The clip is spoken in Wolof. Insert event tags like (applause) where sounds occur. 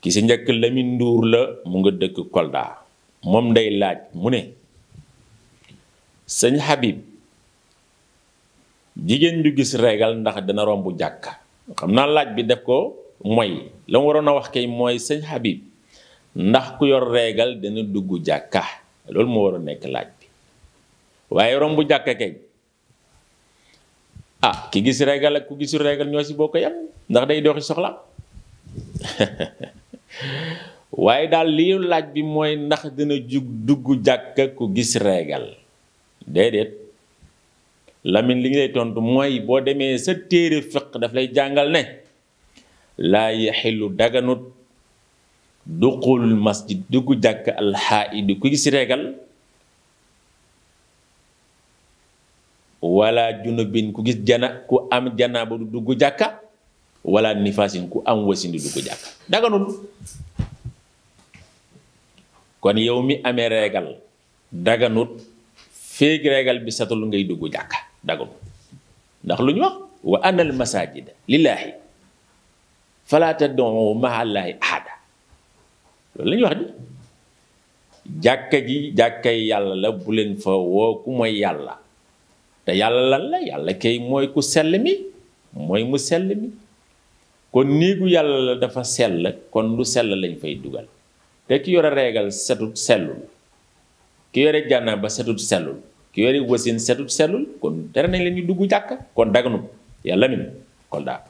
ki si njëkk Lamine Ndour la mu nga dëkk Kolda moom day laaj mu ne sëñ Habib jigéen ju gis régal ndax dana romb jàkk xam naa laaj bi def ko moy la mu waroon a wax kay mooy sëñ Habib ndax ku yor régal dana dugg jàkka loolu moo war a nekk laaj bi waaye romb jàkka kay ah ki gis régal ak ku gisul régal ñoo si bokk yam ndax day doxi soxla (laughs) waaye daal li laaj bi mooy ndax dina jug dugg jàkk ku gis reegal déedéet lamin li ñu lay tontu mooy boo demee sa téere fiq daf lay jàngal ne laa yaxilu daganut duqulul masjid dugg jàkk alxaidi ku gis reegal wala junubin ku gis jana ku am janaaba du dugg jàkka wala nifasin ku am wasindi du ko jàkk kon yow mi amee reegal daganut féeg reegal bi satul ngay dugg jàkk daganut ndax lu ñu wax wa anal masajida lillaahi falaa tad'u ma'allaahi ahada loolu la wax di jàkka ji jàkkay yàlla la bu leen fa woo ku mooy yàlla te yàlla lan la yàlla kay mooy ku sell mi mooy mu sell mi kon néegu yàlla la dafa sell kon lu sell lañ fay dugal te yor a reegal setut sellul ki yore jànna ba setut sellul ki yore wasin setut sellul kon tere nañ leen ñu dugg jàkk kon daganut yàlla min kon daa